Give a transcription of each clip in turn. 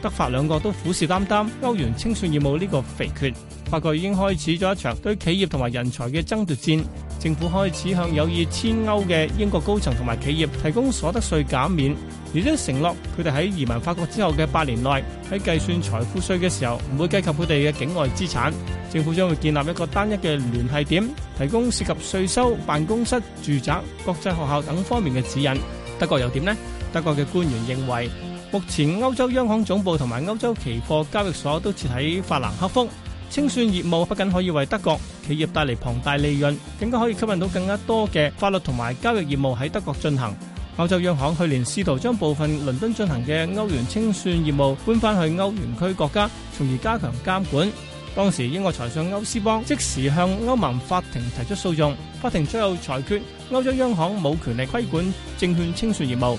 德法兩國都虎視眈眈歐元清算業務呢個肥缺。法國已經開始咗一場對企業同埋人才嘅爭奪戰。政府開始向有意遷歐嘅英國高層同埋企業提供所得稅減免，而且承諾佢哋喺移民法國之後嘅八年內，喺計算財富稅嘅時候唔會計及佢哋嘅境外資產。政府將會建立一個單一嘅聯繫點，提供涉及稅收、辦公室、住宅、國際學校等方面嘅指引。德國又點呢？德國嘅官員認為，目前歐洲央行總部同埋歐洲期貨交易所都設喺法蘭克福，清算業務不僅可以為德國企業帶嚟龐大利潤，更加可以吸引到更加多嘅法律同埋交易業務喺德國進行。歐洲央行去年試圖將部分倫敦進行嘅歐元清算業務搬翻去歐元區國家，從而加強監管。當時英國財相歐斯邦即時向歐盟法庭提出訴訟，法庭最後裁決歐洲央行冇權力規管證券清算業務。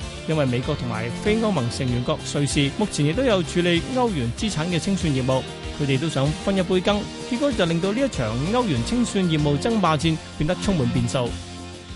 因為美國同埋非歐盟成員國瑞士目前亦都有處理歐元資產嘅清算業務，佢哋都想分一杯羹，結果就令到呢一場歐元清算業務爭霸戰變得充滿變數。